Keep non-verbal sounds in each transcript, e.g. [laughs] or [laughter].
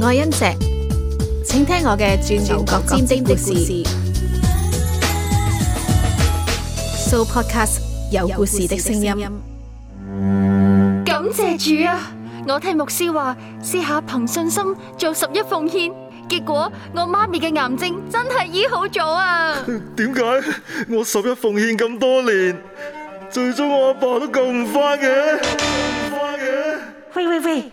我係恩石，請聽我嘅鑽牛角尖的故事。So Podcast 有故事的聲音。感謝主啊！我聽牧師話，試下憑信心做十一奉獻，結果我媽咪嘅癌症真係醫好咗啊！點解我十一奉獻咁多年，最終我阿爸都救唔翻嘅？救唔翻嘅？喂喂喂！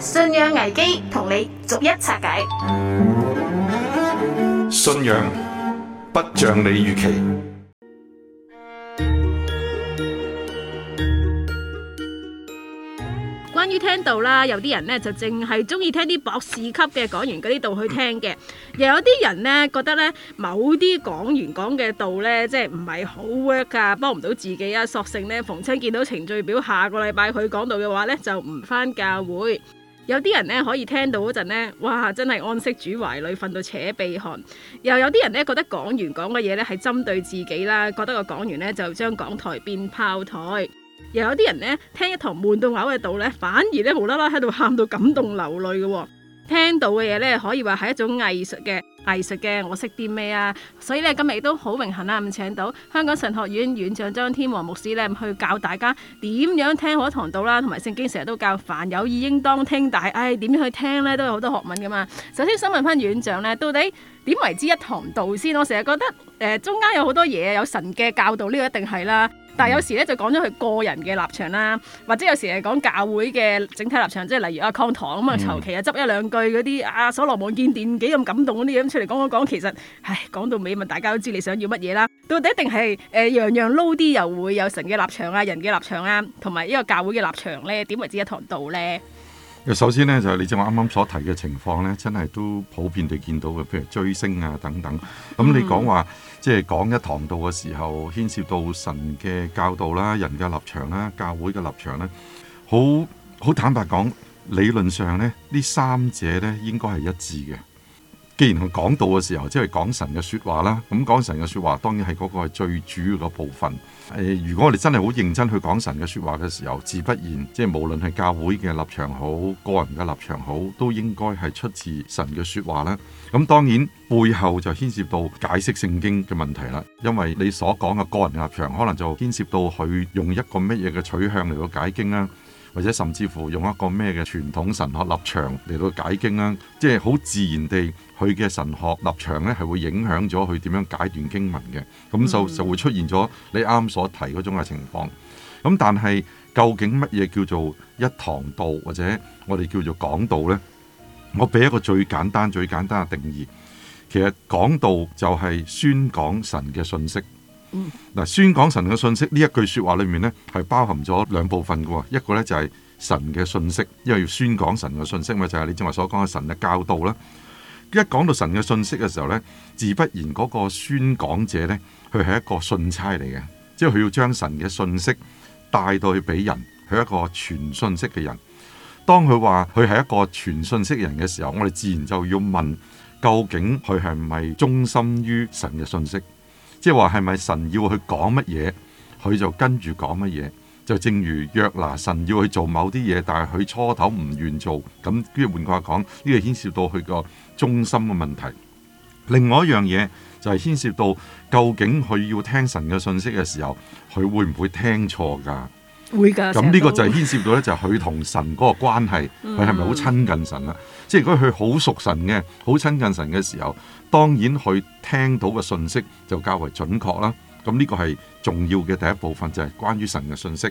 信仰危機同你逐一拆解。信仰不像你預期。關於聽道啦，有啲人呢就淨係中意聽啲博士級嘅講員嗰啲道去聽嘅，又有啲人呢覺得呢某啲講員講嘅道呢，即係唔係好 work 啊，幫唔到自己啊，索性呢逢親見到程序表下個禮拜佢講道嘅話呢，就唔返教會。有啲人咧可以聽到嗰陣咧，哇！真係安息主懷裏，瞓到扯鼻鼾。又有啲人咧覺得講完講嘅嘢咧係針對自己啦，覺得個講員咧就將講台變炮台。又有啲人咧聽一堂悶到嘔嘅道咧，反而咧無啦啦喺度喊到感動流淚嘅喎。聽到嘅嘢咧，可以話係一種藝術嘅。藝術嘅，我識啲咩啊？所以咧，今日亦都好榮幸啦，咁請到香港神學院院長張天王牧師咧，去教大家點樣聽好一堂道啦，同埋聖經成日都教凡有耳應當聽大，但、哎、係，唉，點樣去聽咧都有好多學問噶嘛。首先想問翻院長咧，到底點為之一堂道先？我成日覺得，誒、呃，中間有好多嘢，有神嘅教導，呢、這個一定係啦。但係有時咧就講咗佢個人嘅立場啦，或者有時係講教會嘅整體立場，即係例如阿康堂咁啊，求其啊執一兩句嗰啲啊所羅門見電幾咁感動嗰啲嘢出嚟講講講，其實唉講到尾咪大家都知你想要乜嘢啦，到底一定係誒樣樣撈啲又會有神嘅立場啊、人嘅立場啊，同埋呢個教會嘅立場咧點為之一堂道咧？咁首先咧就係你正話啱啱所提嘅情況咧，真係都普遍地見到嘅，譬如追星啊等等。咁你講話。即係講一堂道嘅時候，牽涉到神嘅教導啦、人嘅立場啦、教會嘅立場啦，好好坦白講，理論上咧，呢三者咧應該係一致嘅。既然佢講到嘅時候即係講神嘅説話啦，咁講神嘅説話當然係嗰個係最主要嘅部分。誒，如果我哋真係好認真去講神嘅説話嘅時候，自不然即係無論係教會嘅立場好，個人嘅立場好，都應該係出自神嘅説話啦。咁當然背後就牽涉到解釋聖經嘅問題啦，因為你所講嘅個人嘅立場，可能就牽涉到佢用一個乜嘢嘅取向嚟到解經啦。或者甚至乎用一個咩嘅傳統神學立場嚟到解經啦，即係好自然地，佢嘅神學立場呢係會影響咗佢點樣解段經文嘅，咁就就會出現咗你啱所提嗰種嘅情況。咁但係究竟乜嘢叫做一堂道或者我哋叫做講道呢？我俾一個最簡單、最簡單嘅定義，其實講道就係宣講神嘅信息。嗱，宣講神嘅信息呢一句說話裏面呢，係包含咗兩部分嘅。一個呢，就係神嘅信息，因為要宣講神嘅信息咪，就係你正話所講嘅神嘅教導啦。一講到神嘅信息嘅時候呢，自不然嗰個宣講者呢，佢係一個信差嚟嘅，即係佢要將神嘅信息帶到去俾人，佢一個傳信息嘅人。當佢話佢係一個傳信息嘅人嘅時候，我哋自然就要問，究竟佢係唔係忠心於神嘅信息？即係話，係咪神要去講乜嘢，佢就跟住講乜嘢？就正如約拿，神要去做某啲嘢，但係佢初頭唔願做，咁跟住換句話講，呢個牽涉到佢個中心嘅問題。另外一樣嘢就係、是、牽涉到究竟佢要聽神嘅信息嘅時候，佢會唔會聽錯㗎？會咁，呢個就係牽涉到咧，就係佢同神嗰個關係，佢係咪好親近神啦、啊？即係如果佢好熟神嘅，好親近神嘅時候，當然佢聽到嘅信息就較為準確啦。咁呢個係重要嘅第一部分，就係、是、關於神嘅信息。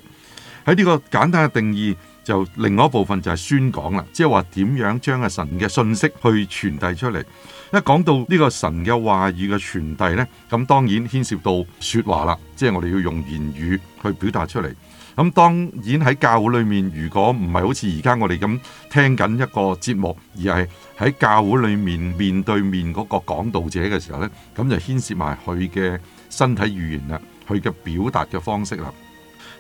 喺呢個簡單嘅定義，就另外一部分就係宣講啦，即係話點樣將啊神嘅信息去傳遞出嚟。一講到呢個神嘅話語嘅傳遞呢，咁當然牽涉到說話啦，即係我哋要用言語去表達出嚟。咁當然喺教會裏面，如果唔係好似而家我哋咁聽緊一個節目，而係喺教會裏面面對面嗰個講道者嘅時候呢，咁就牽涉埋佢嘅身體語言啦，佢嘅表達嘅方式啦。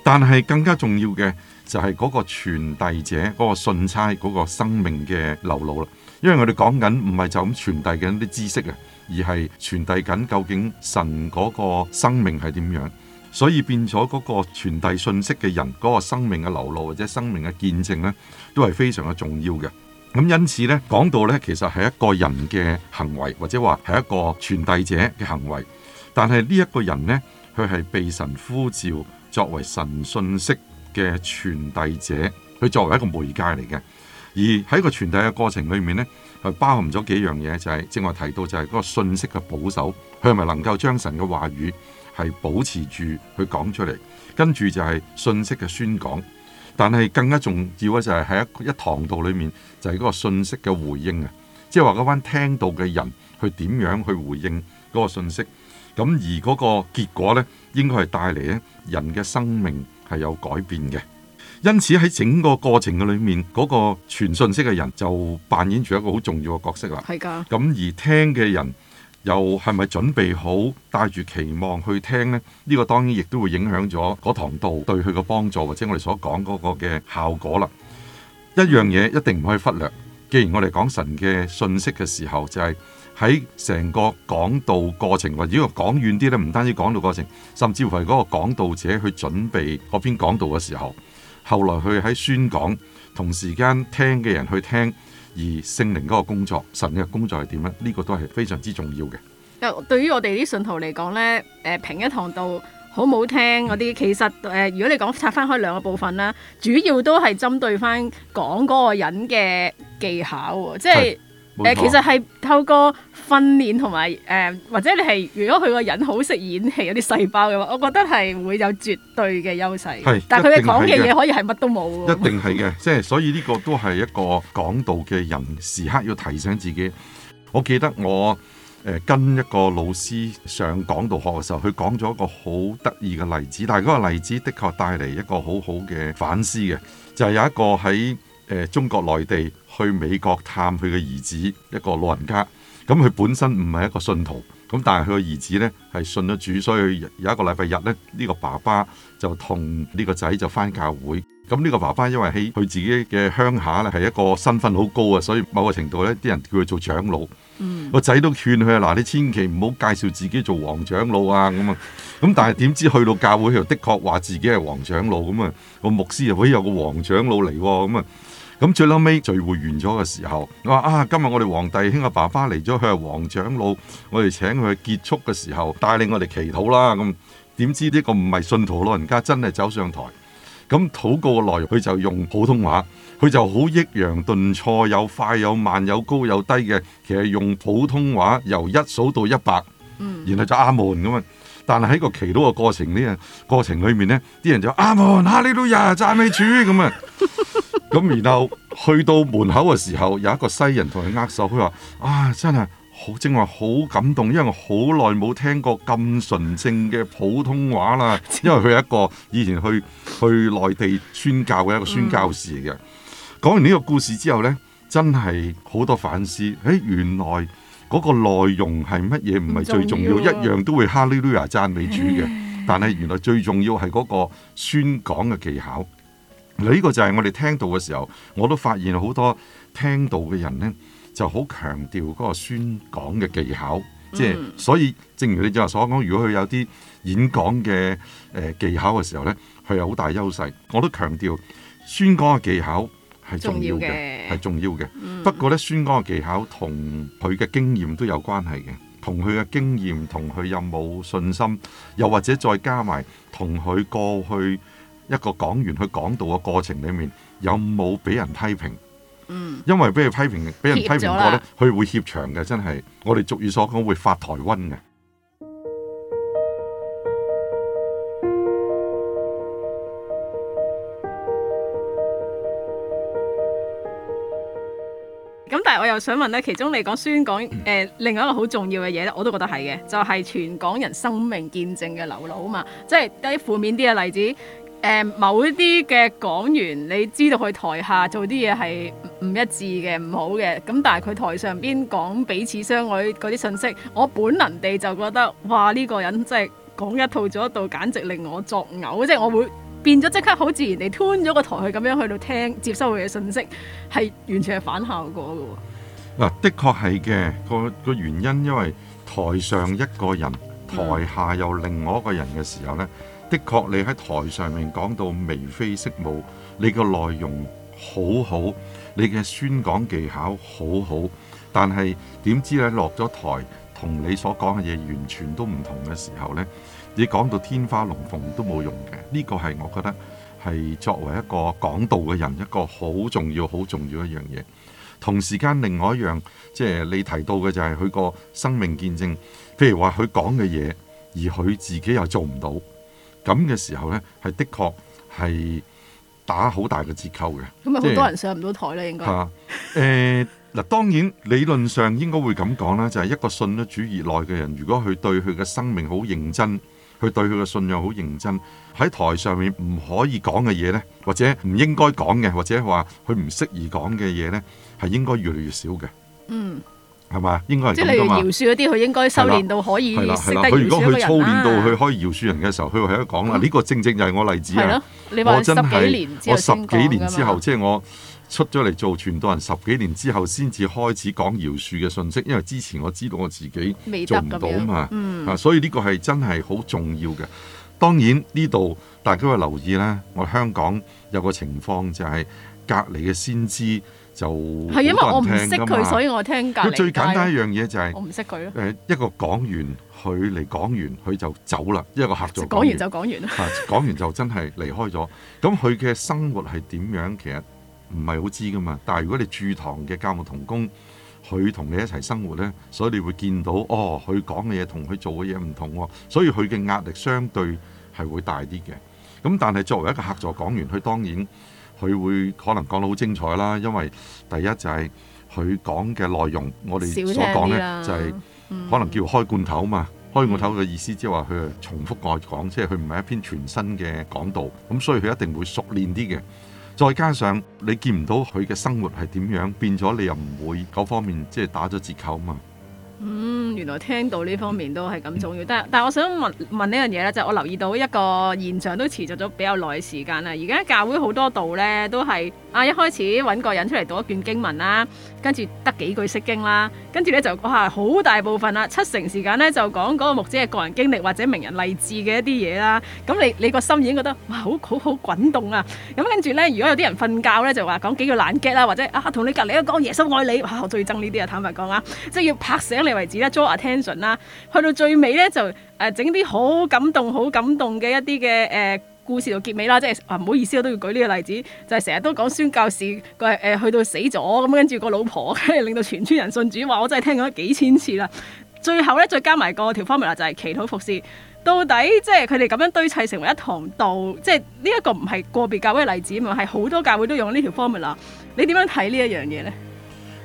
但係更加重要嘅就係嗰個傳遞者，嗰個信差，嗰個生命嘅流露啦。因為我哋講緊唔係就咁傳遞緊啲知識啊，而係傳遞緊究竟神嗰個生命係點樣。所以變咗嗰個傳遞信息嘅人，嗰個生命嘅流露或者生命嘅見證呢，都係非常嘅重要嘅。咁因此呢，講到呢，其實係一個人嘅行為，或者話係一個傳遞者嘅行為。但係呢一個人呢，佢係被神呼召作為神信息嘅傳遞者，佢作為一個媒介嚟嘅。而喺個傳遞嘅過程裏面呢，係包含咗幾樣嘢，就係正話提到，就係嗰個信息嘅保守，佢係咪能夠將神嘅話語？係保持住佢講出嚟，跟住就係信息嘅宣講。但係更加重要嘅就係喺一堂度裏面，就係嗰個信息嘅回應啊！即係話嗰班聽到嘅人去點樣去回應嗰個信息。咁而嗰個結果呢，應該係帶嚟人嘅生命係有改變嘅。因此喺整個過程嘅裏面，嗰個傳信息嘅人就扮演住一個好重要嘅角色啦。係㗎。咁而聽嘅人。又係咪準備好帶住期望去聽呢？呢、呢個當然亦都會影響咗嗰堂道對佢嘅幫助，或者我哋所講嗰個嘅效果啦。一樣嘢一定唔可以忽略。既然我哋講神嘅信息嘅時候，就係喺成個講道過程，或者講遠啲咧，唔單止講道過程，甚至乎係嗰個講道者去準備嗰篇講道嘅時候，後來去喺宣講同時間聽嘅人去聽。而聖靈嗰個工作，神嘅工作係點樣？呢、這個都係非常之重要嘅。對於我哋啲信徒嚟講咧，誒，評一堂道好唔好聽嗰啲，嗯、其實誒，如果你講拆翻開兩個部分啦，主要都係針對翻講嗰個人嘅技巧喎，即係。誒，其實係透過訓練同埋誒，或者你係如果佢個人好識演戲嗰啲細胞嘅話，我覺得係會有絕對嘅優勢。係是，但係佢哋講嘅嘢可以係乜都冇。一定係嘅，即係、 [laughs] 就是、所以呢個都係一個講道嘅人，時刻要提醒自己。我記得我誒、呃、跟一個老師上講道學嘅時候，佢講咗一個好得意嘅例子，但係嗰個例子的確帶嚟一個好好嘅反思嘅，就係、是、有一個喺。誒、中國內地去美國探佢嘅兒子一個老人家，咁佢本身唔係一個信徒，咁但係佢個兒子呢係信咗主，所以有一個禮拜日呢，呢、呢個爸爸就同呢個仔就翻教會。咁呢個爸爸因為喺佢自己嘅鄉下咧係一個身份好高啊，所以某個程度呢啲人叫佢做長老。個仔、嗯、都勸佢啊，嗱，你千祈唔好介紹自己做黃長老啊咁啊。咁但係點知去到教會佢又的確話自己係黃長老咁啊。個牧師又會有個黃長老嚟喎咁啊？咁最尾聚會完咗嘅時候，話啊今日我哋黃弟兄嘅爸爸嚟咗，佢係黃長老，我哋請佢去結束嘅時候帶領我哋祈禱啦。咁點知呢個唔係信徒老人家真係走上台，咁禱告嘅內容佢就用普通話，佢就好抑揚頓挫，有快有慢，有高有低嘅，其實用普通話由一數到一百，嗯、然後就阿門咁啊。但係喺個祈禱嘅過程呢，過程裏面呢，啲人就阿門，哈利路亞讚美主咁啊。 [laughs] 咁 [laughs] 然後去到門口嘅時候，有一個西人同佢握手，佢話：啊，真係好正話好感動，因為好耐冇聽過咁純正嘅普通話啦。因為佢係一個以前去去內地宣教嘅一個宣教士嚟嘅。講、嗯、完呢個故事之後呢，真係好多反思。誒，原來嗰個內容係乜嘢唔係最重要，重要啊、一樣都會哈利路亞讚美主嘅。 [laughs] 但係原來最重要係嗰個宣講嘅技巧。呢個就係我哋聽到嘅時候，我都發現好多聽到嘅人呢就好強調嗰個宣講嘅技巧，即係、嗯就係、所以正如你今日所講，如果佢有啲演講嘅誒技巧嘅時候呢，佢有好大優勢。我都強調宣講嘅技巧係重要嘅，係重要嘅。要嗯、不過呢，宣講嘅技巧同佢嘅經驗都有關係嘅，同佢嘅經驗同佢有冇信心，又或者再加埋同佢過去。一個講員去講道嘅過程裏面，有冇俾人批評？嗯，因為俾人批評，俾人批評過咧，佢會怯場嘅。真係我哋俗語所講，會發台瘟嘅。咁、嗯，但係我又想問咧，其中嚟講，宣然講誒，另外一個好重要嘅嘢咧，我都覺得係嘅，就係、是、全港人生命見證嘅流露啊。嘛，即係一啲負面啲嘅例子。某一啲嘅講員，你知道佢台下做啲嘢係唔一致嘅，唔好嘅。咁但係佢台上邊講彼此相愛嗰啲信息，我本能地就覺得，哇！呢個人即係講一套做一套，簡直令我作嘔，即係我會變咗即刻好自然地吞咗個台去，咁樣去到聽接收佢嘅信息，係完全係反效果嘅。嗱，的確係嘅，個個原因因為台上一個人，台下又另外一個人嘅時候咧。的確，你喺台上面講到眉飛色舞，你個內容好好，你嘅宣講技巧好好，但係點知你落咗台同你所講嘅嘢，完全都唔同嘅時候咧，你講到天花龍鳳都冇用嘅。呢、呢個係我覺得係作為一個講道嘅人一個好重要、好重要一樣嘢。同時間，另外一樣即係、就是、你提到嘅就係佢個生命見證，譬如話佢講嘅嘢，而佢自己又做唔到，咁嘅時候呢，係的確係打好大嘅折扣嘅。咁咪好多人上唔到台咧，應該。係。誒，嗱，當然理論上應該會咁講啦。就係、是、一個信主以來嘅人，如果佢對佢嘅生命好認真，佢對佢嘅信仰好認真，喺台上面唔可以講嘅嘢呢，或者唔應該講嘅，或者話佢唔適宜講嘅嘢呢，係應該越嚟越少嘅。嗯。係咪啊？應該係咁噶嘛。即係饒恕嗰啲，佢應該修練到可以係啦，係啦。佢如果佢操練到去可以饒恕人嘅時候，佢會喺度講啦，呢、嗯、個正正就係我的例子啊。係咯，你話十幾年之後我，我十幾年之後，即、就、係、是、我出咗嚟做傳道人十幾年之後，先至開始講饒恕嘅信息。因為之前我知道我自己做唔到嘛，啊，嗯、所以呢個係真係好重要嘅。當然呢度大家要留意啦。我香港有個情況就係隔籬嘅先知。就係因為我唔識佢嘛。所以我聽緊。佢最簡單一樣嘢就係、是、我唔識佢咯。誒，一個講完，佢嚟講完，佢就走啦。一個客座講完就講完啦。講 [laughs] 完就真係離開咗。咁佢嘅生活係點樣？其實唔係好知㗎嘛。但係如果你駐堂嘅教牧同工，佢同你一齊生活呢，所以你會見到哦，佢講嘅嘢同佢做嘅嘢唔同，所以佢嘅壓力相對係會大啲嘅。咁但係作為一個客座講員，佢當然。佢會可能講到好精彩啦，因為第一就係佢講嘅內容，我哋所講呢，就係可能叫開罐頭嘛，開罐頭嘅意思即係話佢係重複過講，即係佢唔係一篇全新嘅講道，咁所以佢一定會熟練啲嘅。再加上你見唔到佢嘅生活係點樣變咗，你又唔會嗰方面即係打咗折扣嘛。嗯，原來聽到呢方面都係咁重要，但係但係我想問問呢樣嘢咧，就係、我留意到一個現象都持續咗比較耐時間啦。而家教會好多度咧都係啊，一開始揾個人出嚟讀一卷經文啦、啊。跟住得幾句識經啦，跟住咧就講下好大部分啦，七成時間咧就講嗰個牧者嘅個人經歷或者名人勵志嘅一啲嘢啦。咁你你個心已經覺得哇好好好滾動啊！咁跟住咧，如果有啲人瞓覺咧，就話講幾個冷 g e 啦，或者啊同你隔離一講耶穌愛你哇，我最憎呢啲啊！坦白講啊，即係要拍醒你為止啦、呃，做 attention 啦。去到最尾咧就整啲好感動好感動嘅一啲嘅故事到結尾啦，即係，啊唔好意思，我都要舉呢個例子，就係成日都講宣教士，佢係誒去到死咗咁，跟住個老婆跟住令到全村人信主，話我真係聽咗幾千次啦。最後咧，再加埋個條 formula 就係祈禱服侍。到底即係佢哋咁樣堆砌成為一堂道，即係呢一個唔係個別教會嘅例子嘛，係好多教會都用呢條 formula 你呢。你點樣睇呢一樣嘢咧？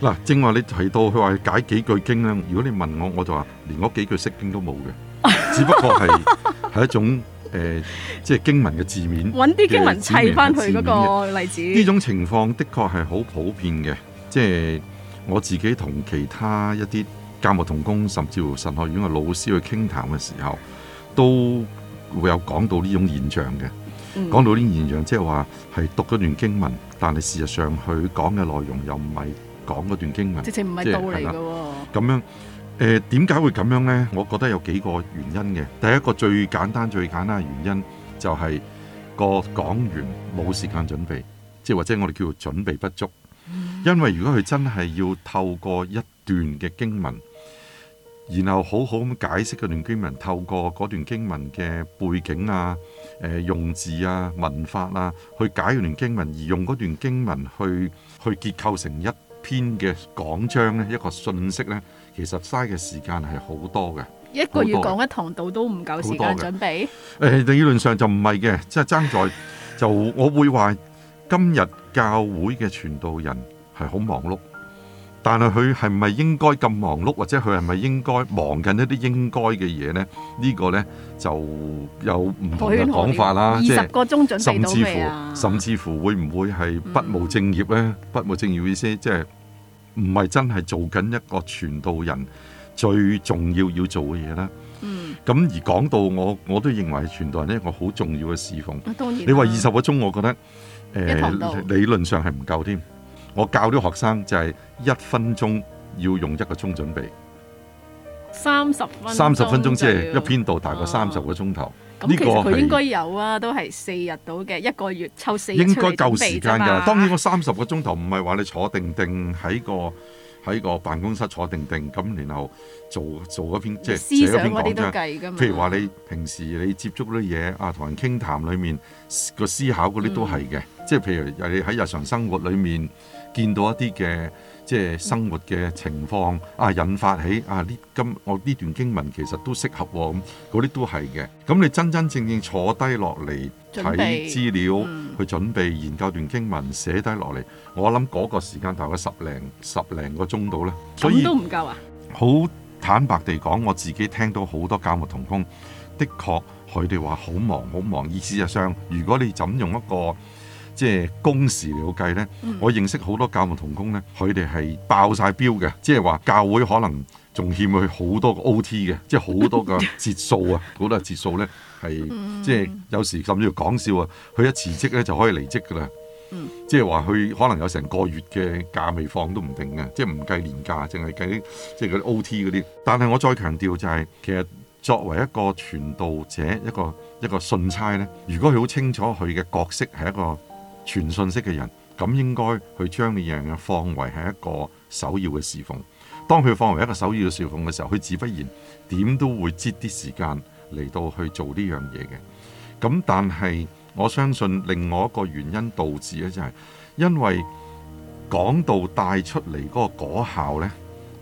嗱，正話你提到佢話解幾句經咧，如果你問我，我就話連嗰幾句釋經都冇嘅，只不過係係 [laughs] 一種。誒，即係經文嘅字面，揾啲經文砌翻去嗰個例子。呢種情況的確係好普遍嘅，即係我自己同其他一啲教牧同工，甚至乎神學院嘅老師去傾談嘅時候，都會有講到呢種現象嘅。嗯、講到呢種現象，即係話係讀咗段經文，但係事實上佢講嘅內容又唔係講段經文，直情唔係道理嘅。嘅咁樣。誒，點解會咁樣呢？我覺得有幾個原因嘅。第一個最簡單、最簡單嘅原因就係個講員冇時間準備，即係或者我哋叫做準備不足。因為如果佢真係要透過一段嘅經文，然後好好咁解釋嗰段經文，透過嗰段經文嘅背景啊、誒用字啊、文法啊，去解嗰段經文，而用嗰段經文去去結構成一篇嘅講章呢，一個信息呢。其實嘥嘅時間係好多嘅，一個月講一堂道都唔夠時間準備。誒，理論上就唔係嘅，即係爭在就我會話今日教會嘅傳道人係好忙碌，但係佢係咪應該咁忙碌，或者佢係咪應該忙緊一啲應該嘅嘢咧？呢個咧就有唔同嘅講法啦。二十個鐘準備到未啊？甚至乎甚至乎會唔會係不務正業咧？不務正業意思即係。唔係真係做緊一個傳道人最重要要做嘅嘢啦。嗯，咁而講到我，我都認為係傳道人一個好重要嘅侍奉。啊啊、你話二十個鐘，我覺得、呃、理論上係唔夠添。我教啲學生就係一分鐘要用一個鐘準備。三十分鐘。三十分鐘即係一篇道，大概三十個鐘頭。啊咁其實佢應該有啊，是都係四日到嘅一個月，抽四日出嚟，應該夠時間㗎。當然，我三十個鐘頭唔係話你坐定定喺個喺個辦公室坐定定，咁然後。做做一篇思即係寫一篇講章，都譬如話你平時你接觸啲嘢啊，同人傾談裏面個思考嗰啲都係嘅，即係、嗯、譬如你喺日常生活裏面見到一啲嘅即係生活嘅情況、嗯、啊，引發起啊呢今我呢段經文其實都適合咁、啊，嗰啲都係嘅。咁你真真正正坐低落嚟睇資料、嗯、去準備研究段經文，寫低落嚟，我諗嗰個時間大概十零十零個鐘度咧。所以咁都唔夠啊！好。坦白地講，我自己聽到好多教牧同工，的確佢哋話好忙好忙，意思就係如果你淨用一個即係工時嚟去計呢？嗯、我認識好多教牧同工呢，佢哋係爆晒標嘅，即係話教會可能仲欠佢好多個 OT 嘅，即係好多個節數啊，好 [laughs] 多節數呢係即係有時甚至要講笑啊，佢一辭職呢就可以離職㗎喇。即係話佢可能有成個月嘅假未放都唔定嘅，即係唔計年假，淨係計即係嗰啲 OT 嗰啲。但係我再強調就係，其實作為一個傳道者，一個一個信差呢，如果佢好清楚佢嘅角色係一個傳信息嘅人，咁應該去將呢樣嘢放為係一個首要嘅侍奉。當佢放為一個首要嘅侍奉嘅時候，佢自不然點都會擠啲時間嚟到去做呢樣嘢嘅。咁但係。我相信另外一個原因導致咧，就係因為講道帶出嚟嗰個果效呢，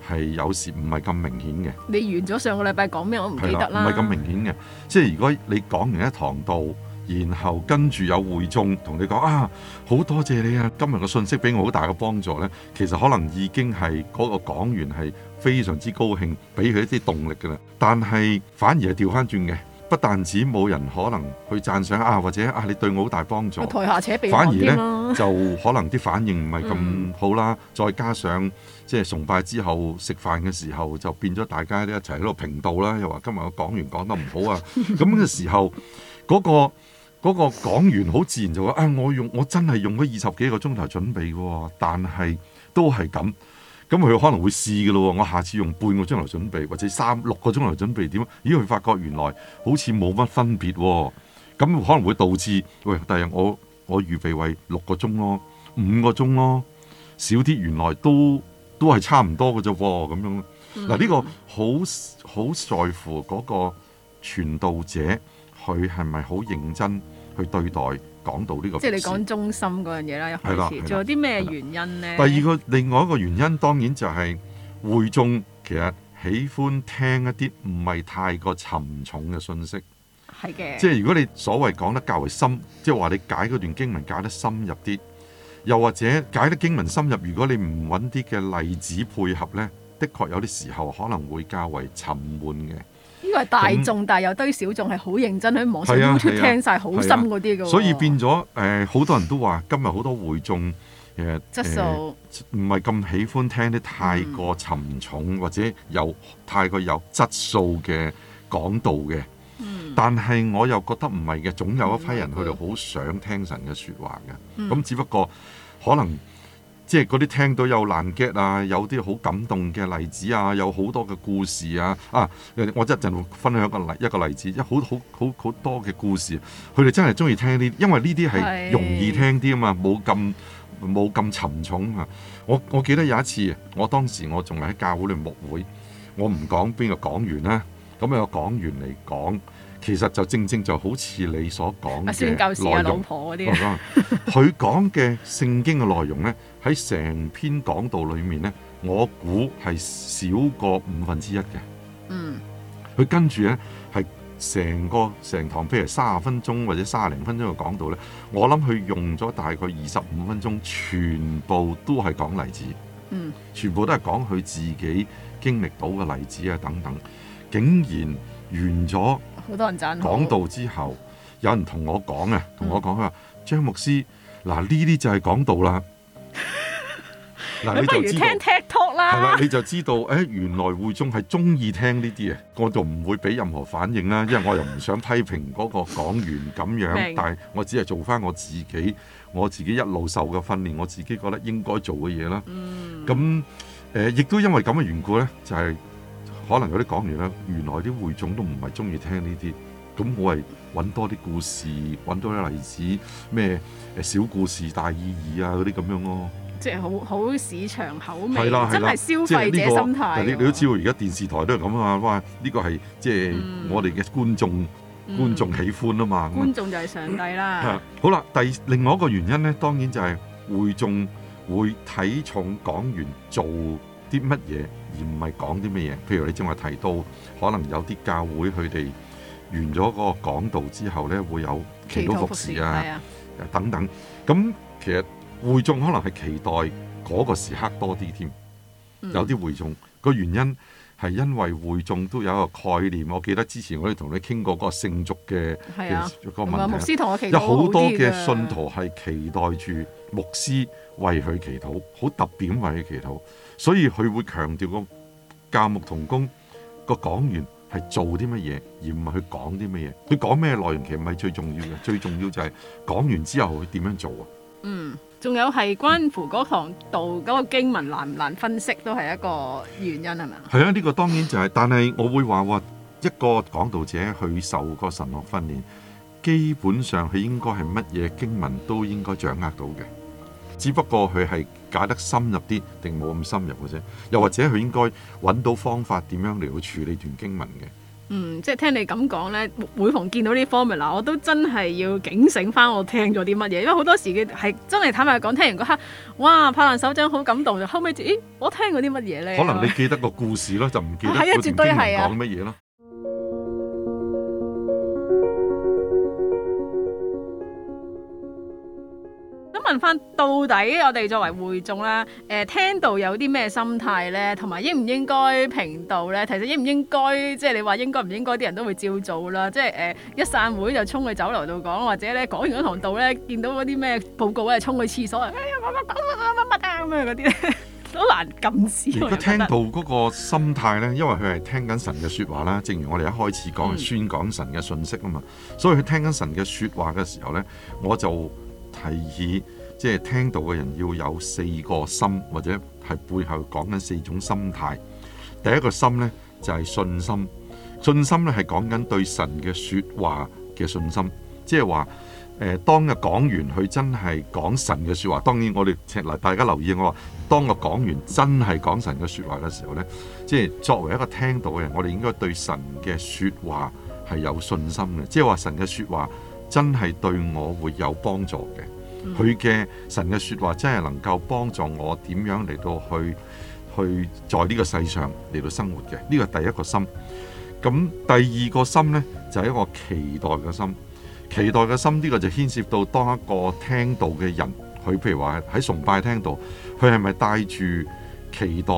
係有時唔係咁明顯嘅。你完咗上個禮拜講咩？我唔記得啦。唔係咁明顯嘅，即係如果你講完一堂道，然後跟住有會眾同你講啊，好多謝你啊，今日嘅信息俾我好大嘅幫助呢，其實可能已經係嗰個講員係非常之高興，俾佢一啲動力㗎啦。但係反而係調翻轉嘅。不但止冇人可能去讚賞啊，或者啊，你對我好大幫助，反而呢、啊、就可能啲反應唔係咁好啦。嗯、再加上即係崇拜之後食飯嘅時候，就變咗大家咧一齊喺度評道啦，又話今日個講員講得唔好啊。咁嘅 [laughs] 時候，嗰、個嗰、個講員好自然就話啊，我用我真係用咗二十幾個鐘頭準備喎，但係都係咁。咁佢可能會試嘅咯。我下次用半個鐘頭準備，或者三六個鐘頭準備點？咦，佢發覺原來好似冇乜分別喎，咁可能會導致喂，第日我我預備為六個鐘咯，五個鐘咯，少啲原來都都係差唔多嘅啫喎，咁樣嗱呢、嗯、個好好在乎嗰個傳道者，佢係咪好認真去對待？講到呢個，即係你講中心嗰樣嘢啦。一開始，仲有啲咩原因呢？第二個，另外一個原因當然就係會眾其實喜歡聽一啲唔係太過沉重嘅信息。係嘅。即係如果你所謂講得較為深，即係話你解嗰段經文解得深入啲，又或者解得經文深入，如果你唔揾啲嘅例子配合呢，的確有啲時候可能會較為沉悶嘅。呢個係大眾，但係又對小眾係好、嗯、認真喺網上聽曬好深啲嘅。所以變咗誒，好、呃、多人都話今日好多會眾誒、呃、質素唔係咁喜歡聽啲太過沉重、嗯、或者有太過有質素嘅講道嘅。嗯、但係我又覺得唔係嘅，總有一批人佢哋好想聽神嘅説話嘅。咁、嗯、只不過可能。即係嗰啲聽到有難 get 啊，有啲好感動嘅例子啊，有好多嘅故事啊，啊！我一陣分享一個例一個例子，一子好好好好多嘅故事，佢哋真係中意聽呢啲，因為呢啲係容易聽啲啊嘛，冇咁冇咁沉重啊！我我記得有一次，我當時我仲係喺教會裏面牧會，我唔講邊個講員咧，咁、那、有個講員嚟講。其實就正正就好似你所講嘅內容，佢講嘅聖經嘅內容呢，喺成篇講道裏面呢，我估係少過五分之一嘅。嗯，佢跟住呢，係成個成堂，譬如三十分鐘或者三十零分鐘嘅講道呢，我諗佢用咗大概二十五分鐘，全部都係講例子。嗯，全部都係講佢自己經歷到嘅例子啊等等，竟然完咗。好多人讚講道之後，有人同我講啊，同我講佢話張牧師嗱呢啲就係講道， [laughs] 道啦。嗱，你就聽 TED Talk 啦。係啦，你就知道誒、欸，原來會中係中意聽呢啲啊，我就唔會俾任何反應啦，因為我又唔想批評嗰個講員咁樣， [laughs] 但係我只係做翻我自己，我自己一路受嘅訓練，我自己覺得應該做嘅嘢啦。嗯。咁誒，亦、呃、都因為咁嘅緣故咧，就係、是。可能有啲講完咧，原來啲會眾都唔係鍾意聽呢啲，咁我係揾多啲故事，揾多啲例子，咩誒小故事大意義啊嗰啲咁樣咯，即係好好市場口味，真係消費者、呢個、心態。你你都知道而家電視台都係咁啊，話呢、呢個係即係我哋嘅觀眾、嗯、觀眾喜歡啊嘛，觀眾就係上帝啦。好啦，第另外一個原因咧，當然就係會眾會睇重講員做啲乜嘢。而唔係講啲咩嘢，譬如你正話提到，可能有啲教會佢哋完咗嗰個講道之後咧，會有祈禱服侍啊，啊等等。咁其實會眾可能係期待嗰個時刻多啲添。嗯、有啲會眾、個原因係因為會眾都有一個概念，我記得之前我哋同你傾過嗰個聖俗嘅、啊、個問題，有牧師同我祈禱，好有多嘅信徒係期待住牧師為佢祈禱，好特別為佢祈禱。所以佢會強調個教牧同工個講員係做啲乜嘢，而唔係去講啲乜嘢。佢講咩內容其實唔係最重要嘅，最重要就係講完之後佢點樣做啊？嗯，仲有係關乎嗰堂道嗰個經文難唔難分析都係一個原因係咪啊？係啊，呢個當然就係，但係我會話喎，一個講道者去受個神學訓練，基本上佢應該係乜嘢經文都應該掌握到嘅。只不過佢係解得深入啲，定冇咁深入嘅啫。又或者佢應該揾到方法點樣嚟去處理段經文嘅。嗯，即係聽你咁講咧，每逢見到呢方面嗱，我都真係要警醒翻我聽咗啲乜嘢。因為好多時嘅係真係坦白講，聽完嗰刻，哇！拍爛手掌好感動嘅。後尾咦，我聽過啲乜嘢咧？可能你記得個故事咯，就唔記得係啊，絕對係啊。講乜嘢咯。翻到底，我哋作為會眾啦，誒，聽到有啲咩心態咧，同埋應唔應該評道咧？其實應唔應該，即係你話應該唔應該，啲人都會照做啦。即係誒，一散會就衝去酒樓度講，或者咧講完嗰堂道咧，見到嗰啲咩報告咧，衝去廁所，哎呀乜乜乜乜乜乜啊咁啊嗰啲咧，好難禁止。而家聽到嗰個心態咧，因為佢係聽緊神嘅說話啦，正如我哋一開始講，宣講神嘅信息啊嘛，所以佢聽緊神嘅說話嘅時候咧，我就提議。即係聽到嘅人要有四個心，或者係背後講緊四種心態。第一個心呢，就係信心，信心呢，係講緊對神嘅説話嘅信心。即係話誒，當日講完佢真係講神嘅説話。當然我哋請大家留意我話當日講完真係講神嘅説話嘅時候呢，即係作為一個聽到嘅人，我哋應該對神嘅説話係有信心嘅。即係話神嘅説話真係對我會有幫助嘅。佢嘅神嘅説話真係能夠幫助我點樣嚟到去去在呢個世上嚟到生活嘅，呢個係第一個心。咁第二個心呢，就係一個期待嘅心。期待嘅心呢個就牽涉到當一個聽道嘅人，佢譬如話喺崇拜聽道，佢係咪帶住期待，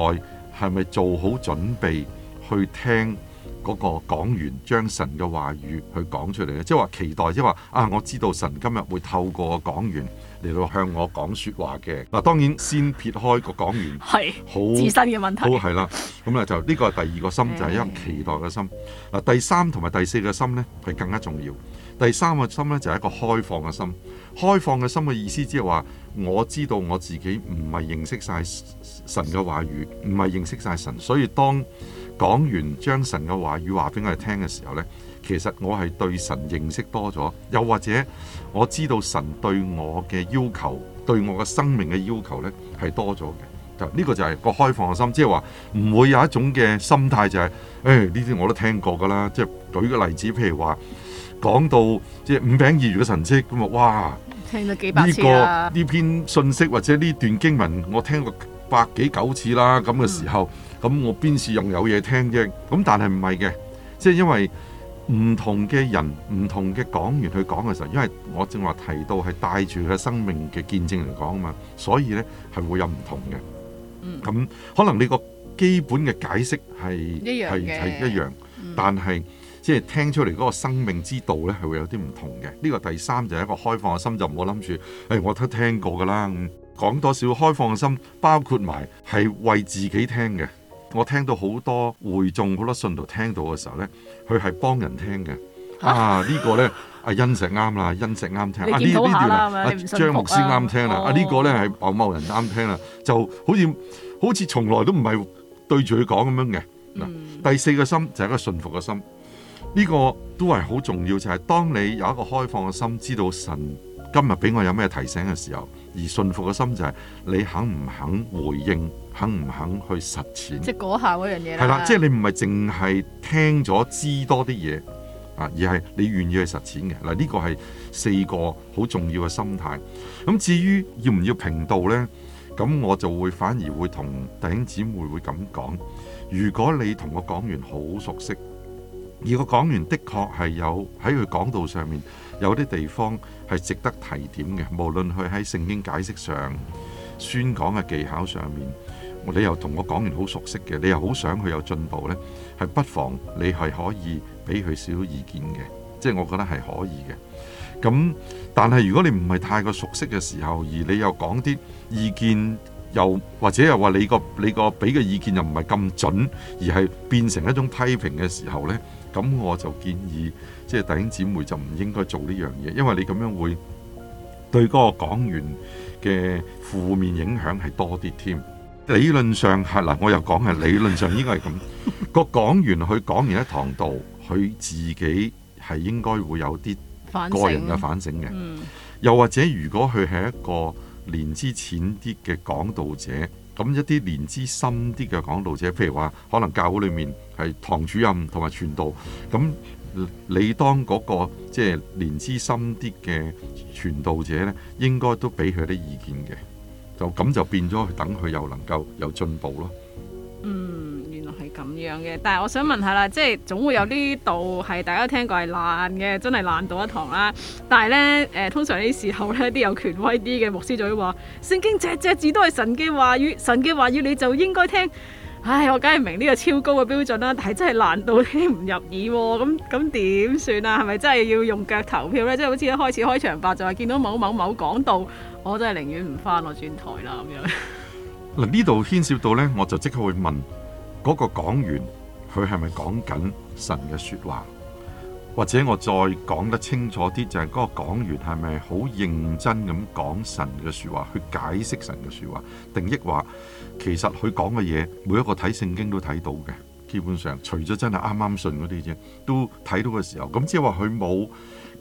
係咪做好準備去聽？嗰個講員將神嘅話語去講出嚟咧，即係話期待，即係話啊！我知道神今日會透過講員嚟到向我講説話嘅嗱。當然先撇開個講員好，是很自身嘅問題，好係啦。咁咧就呢個係第二個心，就係、是、一個期待嘅心嗱。的第三同埋第四個心呢，係更加重要。第三個心呢，就係一個開放嘅心，開放嘅心嘅意思即係話我知道我自己唔係認識晒神嘅話語，唔係認識晒神，所以當講完將神嘅話語話俾我哋聽嘅時候呢，其實我係對神認識多咗，又或者我知道神對我嘅要求，對我嘅生命嘅要求呢係多咗嘅。就、這、呢個就係個開放嘅心，即係話唔會有一種嘅心態就係誒，呢啲我都聽過噶啦。即係舉個例子，譬如話講到即係五餅二魚嘅神跡咁啊，哇！聽到幾百次啦。呢、這個、篇信息或者呢段經文，我聽過百幾九次啦。咁嘅時候。嗯咁我邊時用有嘢聽啫？咁但係唔係嘅，即係因為唔同嘅人、唔同嘅講員去講嘅時候，因為我正話提到係帶住佢生命嘅見證嚟講啊嘛，所以呢係會有唔同嘅。嗯，咁可能你個基本嘅解釋係一樣，但係即係聽出嚟嗰個生命之道呢係會有啲唔同嘅。呢、這個第三就係一個開放嘅心，就唔好諗住，誒、哎，我都聽過㗎啦。講多少開放嘅心，包括埋係為自己聽嘅。我聽到好多會眾，好多信徒聽到嘅時候咧，佢係幫人聽嘅蛤、啊呢個。啊，呢個咧，阿恩石啱啦，恩石啱聽。你見到嚇係咪？你唔信服。呢段張牧師啱聽啦。阿、啊啊呢個、呢個咧係某某人啱聽啦。哦、就好似好似從來都唔係對住佢講咁樣嘅。嗱、嗯，第四個心就係一個信服嘅心。呢、呢個都係好重要，就係、係、當你有一個開放嘅心，知道神今日俾我有咩提醒嘅時候，而信服嘅心就係你肯唔肯回應。肯唔肯去實踐，即係嗰下嗰樣嘢咧，係啦，即係你唔係淨係聽咗知多啲嘢啊，而係你願意去實踐嘅。嗱，呢個係四個好重要嘅心態，咁至於要唔要評道咧，咁我就會反而會同弟兄姊妹會咁講。如果你同個講員好熟悉，而個講員的確係有喺佢講道上面有啲地方係值得提點嘅，無論佢喺聖經解釋上、宣講嘅技巧上面。你又同我講完好熟悉嘅，你又好想佢有進步呢。係不妨你係可以俾佢少少意見嘅，即係我覺得係可以嘅。咁但係如果你唔係太過熟悉嘅時候，而你又講啲意見，又或者又話你個你個俾嘅意見又唔係咁準，而係變成一種批評嘅時候呢，咁我就建議即係弟兄姊妹就唔應該做呢樣嘢，因為你咁樣會對嗰個講員嘅負面影響係多啲添。理論上係嗱，我又講係理論上應該係咁。個講員去講完一堂道，佢自己係應該會有啲個人嘅反省嘅。省嗯、又或者，如果佢係一個年資淺啲嘅講道者，咁一啲年資深啲嘅講道者，譬如話可能教會裏面係堂主任同埋傳道，咁你當嗰、嗰個即係年資深啲嘅傳道者呢，應該都俾佢啲意見嘅。就咁就變咗，等佢又能夠有進步咯。嗯，原來係咁樣嘅，但係我想問下啦，即係總會有呢度係大家聽過係爛嘅，真係爛到一堂啦。但係咧，誒，通常呢時候咧，啲有權威啲嘅牧師就會話：聖經隻只字都係神嘅話語，神嘅話語你就應該聽。唉，我梗係明呢個超高嘅標準啦，但係真係爛到聽唔入耳，咁咁點算啊？係咪真係要用腳投票咧？即係好似一開始開場白就係見到某某某講道。我真係寧願唔翻我轉台啦咁樣。嗱，呢度牽涉到呢，我就即刻會問嗰、那個講員，佢係咪講緊神嘅說話？或者我再講得清楚啲，就係、是、嗰個講員係咪好認真咁講神嘅說話，去解釋神嘅說話，定抑話其實佢講嘅嘢，每一個睇聖經都睇到嘅。基本上，除咗真係啱啱信嗰啲啫，都睇到嘅時候，咁即係話佢冇。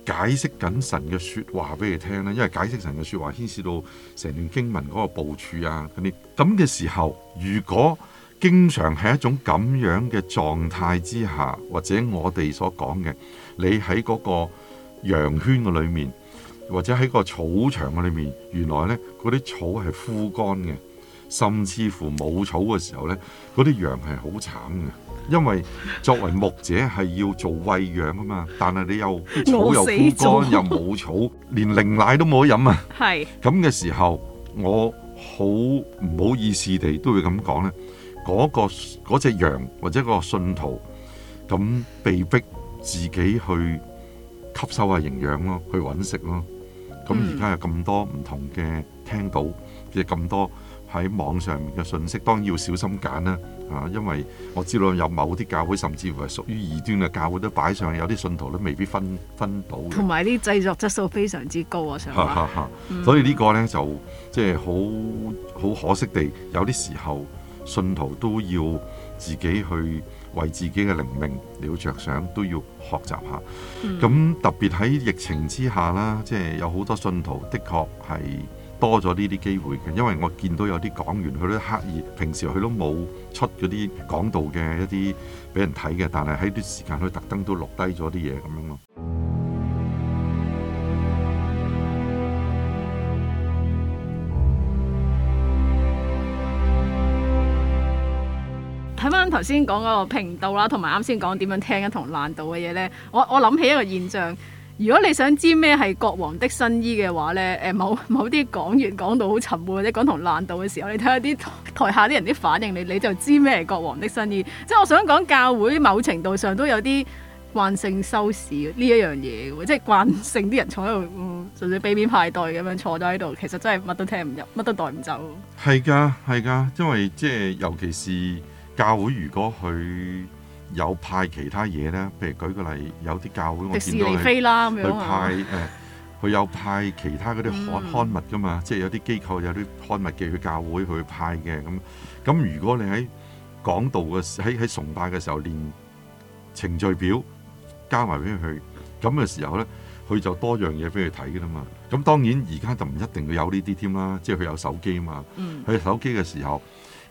解釋緊神嘅説話俾你聽啦，因為解釋神嘅説話牽涉到成段經文嗰個部署啊嗰啲。咁嘅時候，如果經常係一種咁樣嘅狀態之下，或者我哋所講嘅，你喺嗰個羊圈嘅裏面，或者喺個草場嘅裏面，原來呢，嗰啲草係枯乾嘅，甚至乎冇草嘅時候呢，嗰啲羊係好慘嘅。因為作為牧者係要做餵養啊嘛，但係你又草又枯乾，又冇草，連餵奶都冇得飲啊！係咁嘅時候，我好唔好意思地都會咁講咧，嗰個嗰隻羊或者嗰個信徒咁被逼自己去吸收下營養咯，去揾食咯。咁而家有咁多唔同嘅聽道亦咁多。喺網上面嘅信息當然要小心揀啦，啊，因為我知道有某啲教會甚至乎係屬於異端嘅教會都擺上去，有啲信徒都未必分分到。同埋啲製作質素非常之高啊，上，所以呢個呢，就即係好好可惜地，有啲時候信徒都要自己去為自己嘅靈命了着想，都要學習下。咁、嗯、特別喺疫情之下啦，即係有好多信徒的確係。多咗呢啲機會嘅，因為我見到有啲講員佢都刻意，平時佢都冇出嗰啲講道嘅一啲俾人睇嘅，但係喺段時間佢特登都錄低咗啲嘢咁樣咯。睇翻頭先講嗰個頻道啦，同埋啱先講點樣聽一同難度嘅嘢咧，我我諗起一個現象。如果你想知咩係《國王的新衣》嘅話咧，誒，某某啲講完講到好沉悶或者講同爛到嘅時候，你睇下啲台下啲人啲反應，你你就知咩係《國王的新衣》。即係我想講教會某程度上都有啲慣性收視呢一樣嘢，即係慣性啲人坐喺度，就似俾面派對咁樣坐咗喺度，其實真係乜都聽唔入，乜都帶唔走。係噶，係噶，因為即係尤其是教會，如果佢。有派其他嘢咧，譬如舉個例，有啲教會我見到佢，佢派誒，佢有派其他嗰啲刊刊物噶嘛，嗯、即係有啲機構有啲刊物寄去教會去派嘅咁。咁如果你喺講道嘅喺喺崇拜嘅時候連程序表加埋俾佢，咁嘅時候咧，佢就多樣嘢俾佢睇噶啦嘛。咁當然而家就唔一定會有呢啲添啦，即係佢有手機嘛。嗯，佢有手機嘅時候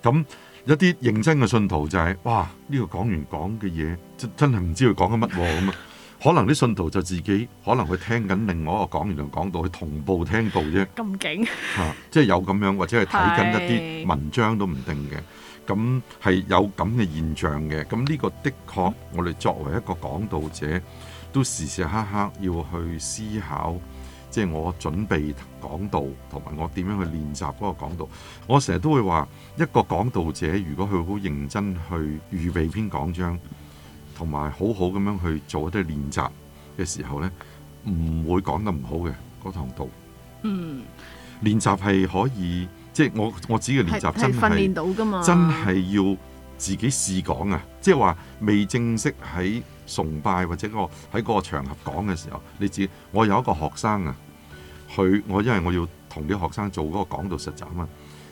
咁。一啲認真嘅信徒就係哇，呢個講員講嘅嘢真真係唔知佢講緊乜咁啊。可能啲信徒就自己可能佢聽緊另外一個講員同講道，佢同步聽到啫。咁勁嚇，即係有咁樣，或者係睇緊一啲文章都唔定嘅。咁係有咁嘅現象嘅。咁呢個的確，我哋作為一個講道者，都時時刻刻要去思考。即係我準備講道，同埋我點樣去練習嗰個講道。我成日都會話，一個講道者如果佢好認真去預備篇講章，同埋好好咁樣去做一啲練習嘅時候呢，唔會講得唔好嘅嗰堂道。嗯，練習係可以，即係我我自己嘅練習真係訓練到噶嘛，真係要自己試講啊！即係話未正式喺崇拜或者個喺個場合講嘅時候，你知我有一個學生啊。佢我因為我要同啲學生做嗰個講道實習啊嘛，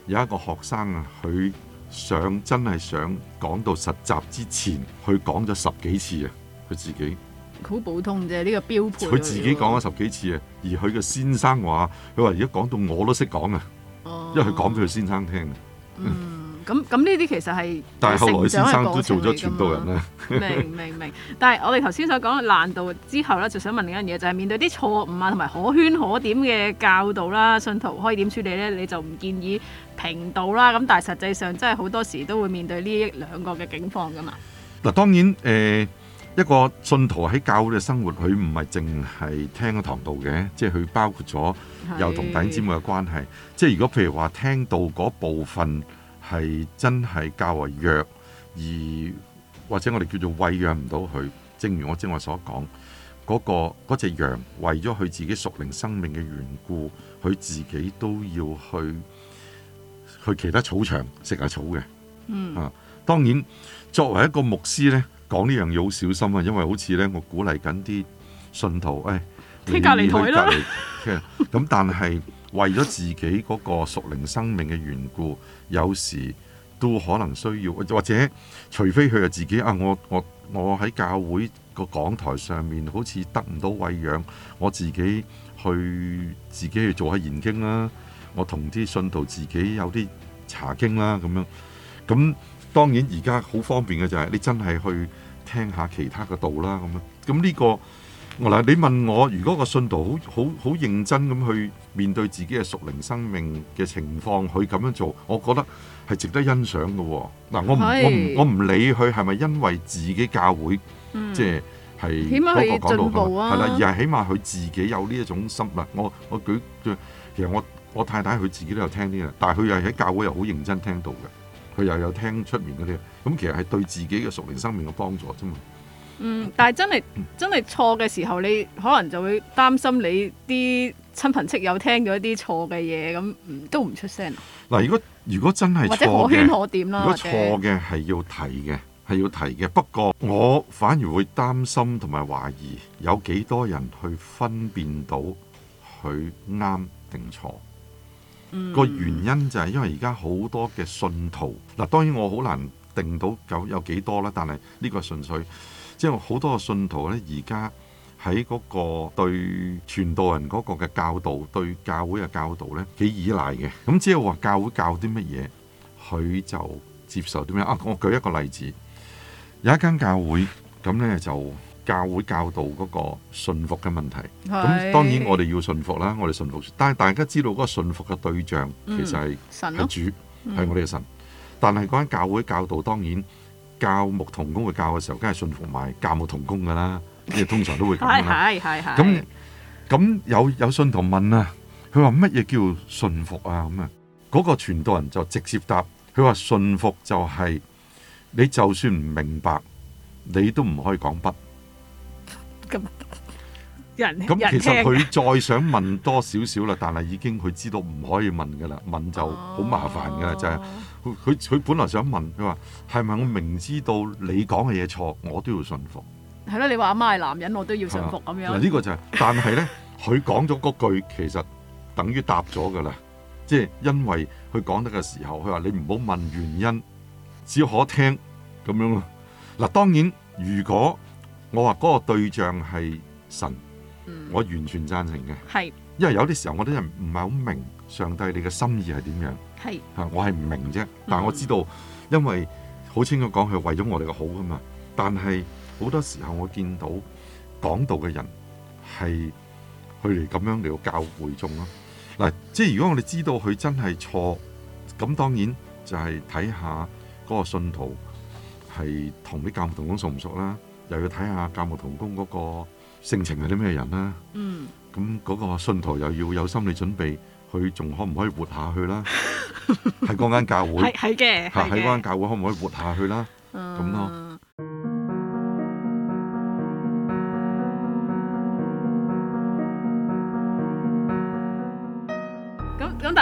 有一個學生啊，佢想真係想講道實習之前，佢講咗十幾次啊，佢自己好普通啫，呢、這個標配、啊。佢自己講咗十幾次啊，而佢嘅先生話，佢話而家講到我都識講啊，哦、因為佢講俾佢先生聽啊。嗯 [laughs] 咁咁呢啲其實係，但係後來先生都做咗傳道人咧。 [laughs] 明明明，但係我哋頭先所講嘅難度之後咧，就想問另一樣嘢，就係、是、面對啲錯誤啊，同埋可圈可點嘅教導啦，信徒可以點處理咧？你就唔建議平道啦。咁但係實際上真係好多時都會面對呢一兩個嘅境況噶嘛。嗱，當然誒、呃，一個信徒喺教會嘅生活，佢唔係淨係聽個堂道嘅，即係佢包括咗有同弟兄姊妹嘅關係。的即係如果譬如話聽到嗰部分。係真係較為弱，而或者我哋叫做餵養唔到佢。正如我正話所講，嗰、嗰個隻羊為咗佢自己屬靈生命嘅緣故，佢自己都要去去其他草場食下草嘅。嗯，啊，當然作為一個牧師呢，講呢樣嘢好小心啊，因為好似呢，我鼓勵緊啲信徒，誒、哎，喺隔籬睇啦，咁 [laughs] 但係。為咗自己嗰個屬靈生命嘅緣故，有時都可能需要，或者除非佢係自己啊，我我我喺教會個講台上面好似得唔到餵養，我自己去自己去做下研經啦，我同啲信徒自己有啲查經啦咁樣。咁當然而家好方便嘅就係、是、你真係去聽下其他嘅道啦咁樣。咁呢、這個。嗱，你問我，如果個信徒好好好認真咁去面對自己嘅屬靈生命嘅情況，佢咁樣做，我覺得係值得欣賞嘅。嗱，我唔是我唔我唔理佢係咪因為自己教會，嗯、即係係嗰個講、啊、到係啦，而係起碼佢自己有呢一種心。嗱，我我舉其實我我太太佢自己都有聽啲人，但係佢又喺教會又好認真聽到嘅，佢又有聽出面嗰啲，咁其實係對自己嘅屬靈生命嘅幫助啫嘛。嗯，但係真係真係錯嘅時候，你可能就會擔心你啲親朋戚友聽咗啲錯嘅嘢，咁都唔出聲。嗱，如果如果真係錯嘅，或者可圈可點啦。如果錯嘅係要提嘅，係或者要提嘅。不過我反而會擔心同埋懷疑，有幾多人去分辨到佢啱定錯？個、嗯、原因就係因為而家好多嘅信徒，嗱，當然我好難定到有有幾多啦，但係呢個純粹。即係好多個信徒咧，而家喺嗰個對傳道人嗰個嘅教導，對教會嘅教導咧，幾依賴嘅。咁只係話教會教啲乜嘢，佢就接受啲咩啊？我舉一個例子，有一間教會咁咧，就教會教導嗰個信服嘅問題。咁當然我哋要信服啦，我哋信服。但係大家知道嗰個信服嘅對象其實係主，係我哋嘅神。但係嗰間教會教導，當然。教牧同工去教嘅時候，梗係信服埋教牧同工噶啦，即係通常都會咁啦。係係係係。咁咁有有信徒問啊，佢話乜嘢叫信服啊？咁啊，嗰個傳道人就直接答，佢話信服就係你就算唔明白，你都唔可以講不。咁人咁其實佢再想問多少少啦，但係已經佢知道唔可以問噶啦，問就好麻煩噶，就係。佢佢佢本嚟想問，佢話係咪我明知道你講嘅嘢錯，我都要順服？係咯，你話阿媽係男人，我都要順服咁樣。嗱，呢個就係，但係咧，佢講咗嗰句，其實等於答咗噶啦。即係因為佢講得嘅時候，佢話你唔好問原因，只可聽咁樣咯。嗱，當然，如果我話嗰個對象係神，我完全贊成嘅。係。因為有啲時候，我啲人唔係好明。上帝，你嘅心意係點樣？係吓是，我係唔明啫。但係我知道，嗯、因為好清楚講，係為咗我哋嘅好㗎嘛。但係好多時候，我見到講道嘅人係佢哋咁樣嚟到教會眾咯。嗱，即係如果我哋知道佢真係錯，咁當然就係睇下嗰個信徒係同啲教牧同工熟唔熟啦。又要睇下教牧同工嗰個性情係啲咩人啦。嗯，咁嗰個信徒又要有心理準備。佢仲可唔可以活下去啦？喺嗰 [laughs] 間教會，係係嘅，喺嗰間教會可唔可以活下去啦？咁咯的。嗯。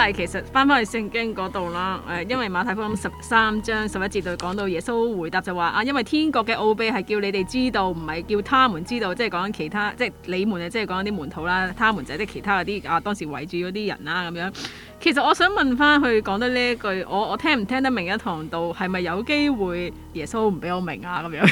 係其實翻翻去聖經嗰度啦，誒，因為馬太福音十三章十一節度講到耶穌回答就話啊，因為天國嘅奧秘係叫你哋知道，唔係叫他們知道，即係講緊其他，即係你們啊，即係講緊啲門徒啦，他們就係啲其他嗰啲啊，當時圍住嗰啲人啦咁樣。其實我想問翻佢講得呢一句，我我聽唔聽得明一堂道，係咪有機會耶穌唔俾我明啊咁樣？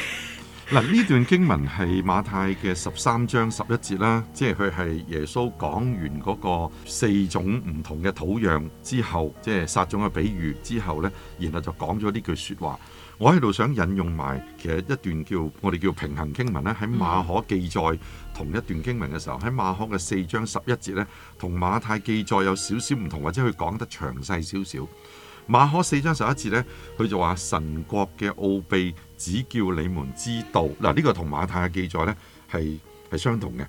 嗱，呢段經文係馬太嘅十三章十一節啦，即係佢係耶穌講完嗰個四種唔同嘅土壤之後，即係撒種嘅比喻之後呢，然後就講咗呢句説話。我喺度想引用埋其實一段叫我哋叫平行經文咧，喺馬可記載同一段經文嘅時候，喺、嗯、馬可嘅四章十一節呢，同馬太記載有少少唔同，或者佢講得詳細少少。馬可四章十一節呢，佢就話神國嘅奧秘。只叫你們知道，嗱，這、呢個同馬太嘅記載呢係係相同嘅。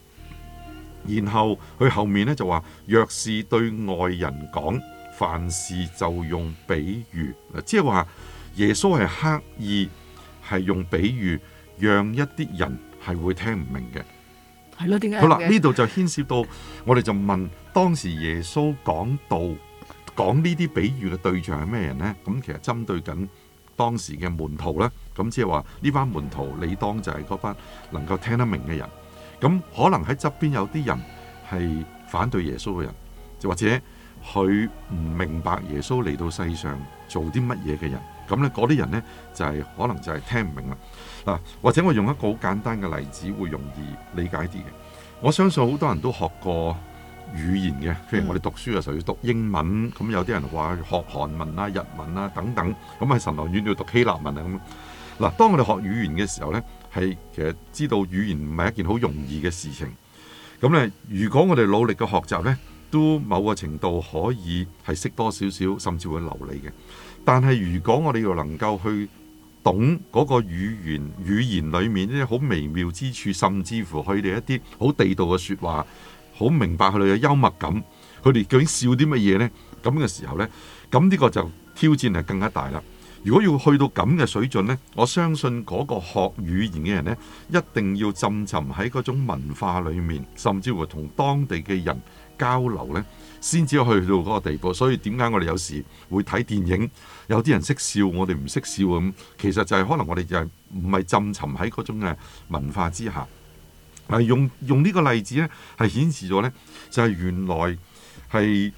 然後佢後面呢就話：若是對外人講，凡事就用比喻。即係話耶穌係刻意係用比喻，讓一啲人係會聽唔明嘅。係咯，點解？好啦，呢度就牽涉到我哋就問當時耶穌講道講呢啲比喻嘅對象係咩人呢？咁其實針對緊當時嘅門徒呢。咁即係話呢班門徒，你當就係嗰班能夠聽得明嘅人。咁可能喺側邊有啲人係反對耶穌嘅人，就或者佢唔明白耶穌嚟到世上做啲乜嘢嘅人。咁咧嗰啲人呢，就係可能就係聽唔明啦。嗱，或者我用一個好簡單嘅例子會容易理解啲嘅。我相信好多人都學過語言嘅，譬如我哋讀書嘅時候要讀英文。咁有啲人話學韓文啦、日文啦等等。咁喺神學院要讀希臘文啊咁。嗱，當我哋學語言嘅時候呢，係其實知道語言唔係一件好容易嘅事情。咁咧，如果我哋努力嘅學習呢，都某個程度可以係識多少少，甚至會流利嘅。但係如果我哋要能夠去懂嗰個語言，語言裡面呢，好微妙之處，甚至乎佢哋一啲好地道嘅説話，好明白佢哋嘅幽默感，佢哋究竟笑啲乜嘢呢？咁嘅時候呢，咁呢個就挑戰係更加大啦。如果要去到咁嘅水準呢，我相信嗰個學語言嘅人呢，一定要浸沉喺嗰種文化裏面，甚至乎同當地嘅人交流呢，先至去到嗰個地步。所以點解我哋有時會睇電影，有啲人識笑，我哋唔識笑咁，其實就係可能我哋就係唔係浸沉喺嗰種嘅文化之下。係用用呢個例子呢，係顯示咗呢，就係原來係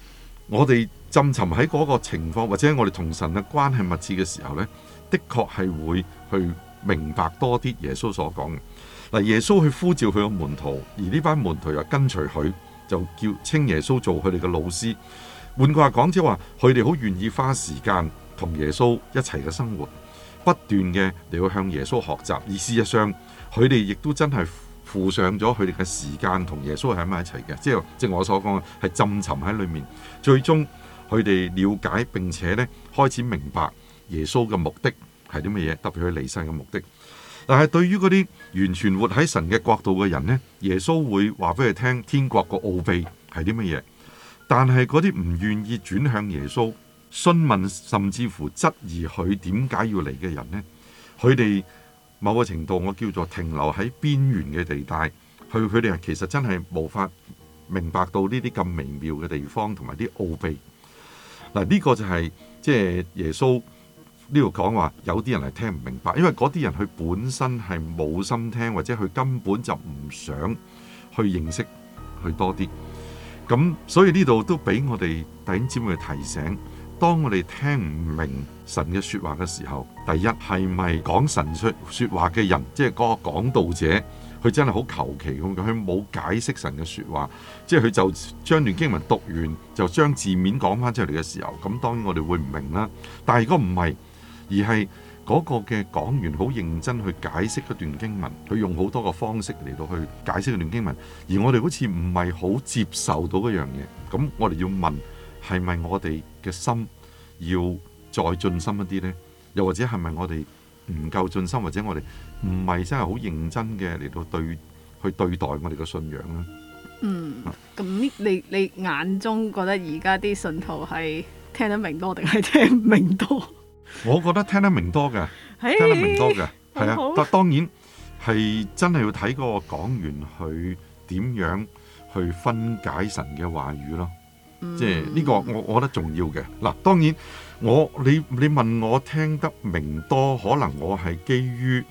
我哋。浸沉喺嗰個情況，或者我哋同神嘅關係密切嘅時候呢，的確係會去明白多啲耶穌所講嘅。嗱，耶穌去呼召佢嘅門徒，而呢班門徒又跟隨佢，就叫稱耶穌做佢哋嘅老師。換句話講，即係話佢哋好願意花時間同耶穌一齊嘅生活，不斷嘅嚟去向耶穌學習。而事實上，佢哋亦都真係付上咗佢哋嘅時間同耶穌喺埋一齊嘅，即係正我所講嘅，係浸沉喺裡面，最終。佢哋了解並且呢開始明白耶穌嘅目的係啲乜嘢，特別佢離世嘅目的。但係對於嗰啲完全活喺神嘅國度嘅人呢，耶穌會話俾佢聽天國個奧秘係啲乜嘢。但係嗰啲唔願意轉向耶穌詢問甚至乎質疑佢點解要嚟嘅人呢，佢哋某個程度我叫做停留喺邊緣嘅地帶。佢佢哋其實真係無法明白到呢啲咁微妙嘅地方同埋啲奧秘。嗱，呢個就係即係耶穌呢度講話，有啲人係聽唔明白，因為嗰啲人佢本身係冇心聽，或者佢根本就唔想去認識佢多啲。咁所以呢度都俾我哋頂尖去提醒，當我哋聽唔明神嘅説話嘅時候，第一係咪講神説説話嘅人，即係嗰個講道者？佢真係好求其咁，佢冇解釋神嘅說話，即係佢就將段經文讀完就將字面講返出嚟嘅時候，咁當然我哋會唔明啦。但係如果唔係，而係嗰個嘅講員好認真去解釋一段經文，佢用好多個方式嚟到去解釋段經文，而我哋好似唔係好接受到嗰樣嘢，咁我哋要問係咪我哋嘅心要再進深一啲呢？又或者係咪我哋？唔夠盡心，或者我哋唔係真係好認真嘅嚟到對去對待我哋嘅信仰咧。嗯，咁你你眼中覺得而家啲信徒係聽得明多定係聽唔明多？我覺得聽得明多嘅，聽得明多嘅，係 Hey, 啊，但係當然係真係要睇個講員佢點樣去分解神嘅話語咯。即係呢個，我我覺得重要嘅。嗱，當然我你你問我聽得明多，可能我係基於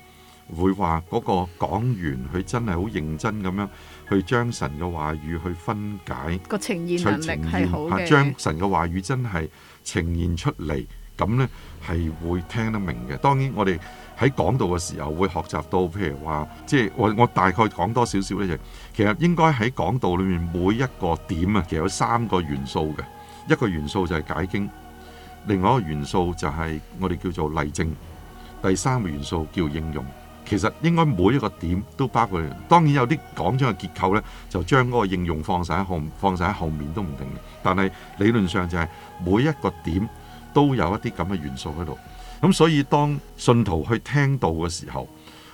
會話嗰個講員，佢真係好認真咁樣去將神嘅話語去分解，個呈現能力係好嘅，將神嘅話語真係呈現出嚟。咁呢係會聽得明嘅。當然，我哋喺講道嘅時候會學習到，譬如話，即係我我大概講多少少咧。其實應該喺講道裡面每一個點啊，其實有三個元素嘅。一個元素就係解經，另外一個元素就係我哋叫做例證，第三個元素叫應用。其實應該每一個點都包括。當然有啲講章嘅結構呢，就將嗰個應用放曬喺後，放曬喺後面都唔定，但係理論上就係每一個點。都有一啲咁嘅元素喺度，咁所以當信徒去聽道嘅時候，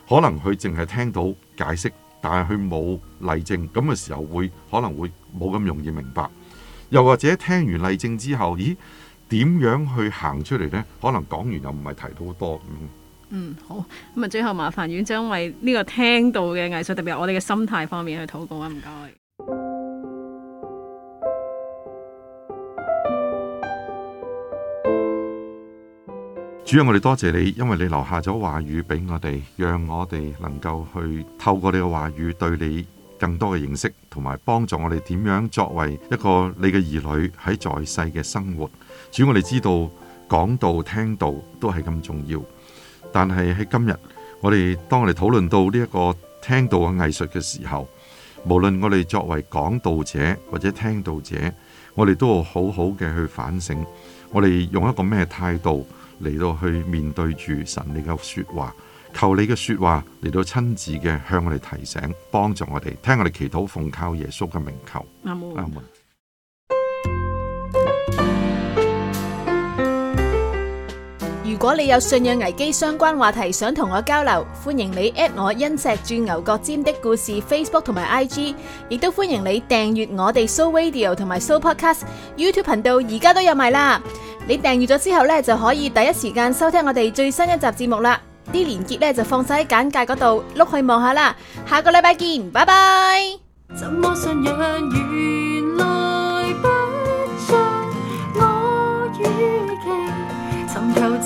可能佢淨係聽到解釋，但係佢冇例證咁嘅時候會，會可能會冇咁容易明白。又或者聽完例證之後，咦，點樣去行出嚟呢？可能講完又唔係提到好多咁。嗯，嗯，好，咁啊，最後麻煩院長為呢個聽道嘅藝術，特別係我哋嘅心態方面去禱告啊，唔該。主，我哋多謝你，因為你留下咗話語俾我哋，讓我哋能夠去透過你嘅話語對你更多嘅認識，同埋幫助我哋點樣作為一個你嘅兒女喺在世嘅生活。主，我哋知道講道、聽到都係咁重要，但係喺今日我哋當我哋討論到呢一個聽到嘅藝術嘅時候，無論我哋作為講道者或者聽到者，我哋都要好好嘅去反省，我哋用一個咩態度？嚟到去面對住神你嘅說話，求你嘅說話嚟到親自嘅向我哋提醒，幫助我哋聽，我哋祈禱，奉靠耶穌嘅名求。阿門。如果你有信仰危機相關話題想同我交流，歡迎你 at 我《恩石鑽牛角尖的故事》Facebook 同埋 IG，亦都歡迎你訂閱我哋 Show Radio 同埋 Show Podcast YouTube 頻道，而家都有賣啦。你訂閱咗之後呢，就可以第一時間收聽我哋最新一集節目啦。啲連結呢就放晒喺簡介嗰度，碌去望下啦。下個禮拜見，拜拜。